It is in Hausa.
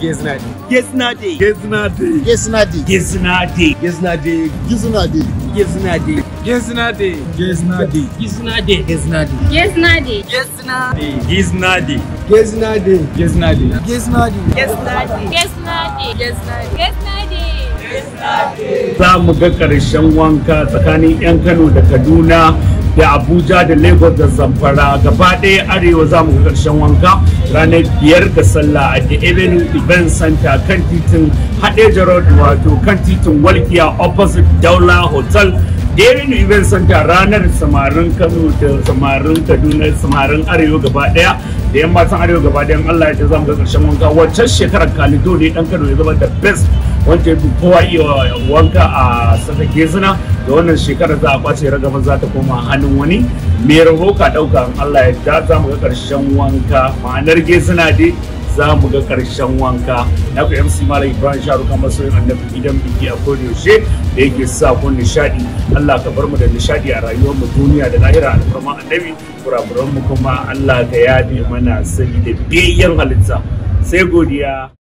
Za mu ga ƙarshen wanka tsakanin 'yan Kano da Kaduna da abuja da lagos da zamfara gaba ɗaya arewa za mu ƙarshen wanka ranar biyar da sallah a the avenue event center kan titin haɗe road wato kan titin walkiya opposite daula hotel Darin Event Center ranar samarin Kano da samarin Kaduna samarin Arewa gaba ɗaya. da yan matan Arewa gaba ɗaya Allah ya mu ga karshen wanka wacce shekarar Kalido ne dan Kano ya zama da best wanda ya kowa iya wanka a Saka Gezina da wannan shekarar za a kwace ragamar za ta koma hannun wani mai rabo ka ɗauka Allah ya da za mu ga ƙarshen wanka ma'anar gesuna dai za mu ga ƙarshen wanka na ku MC Malam Ibrahim Sharuka masoyin annabi idan biki a kodi yaushe da yake sa ku nishadi Allah ka bar mu da nishaɗi a rayuwar mu duniya da lahira alfarma annabi kurakuran mu kuma Allah ka yaɗe mana sani da biyan halitta sai godiya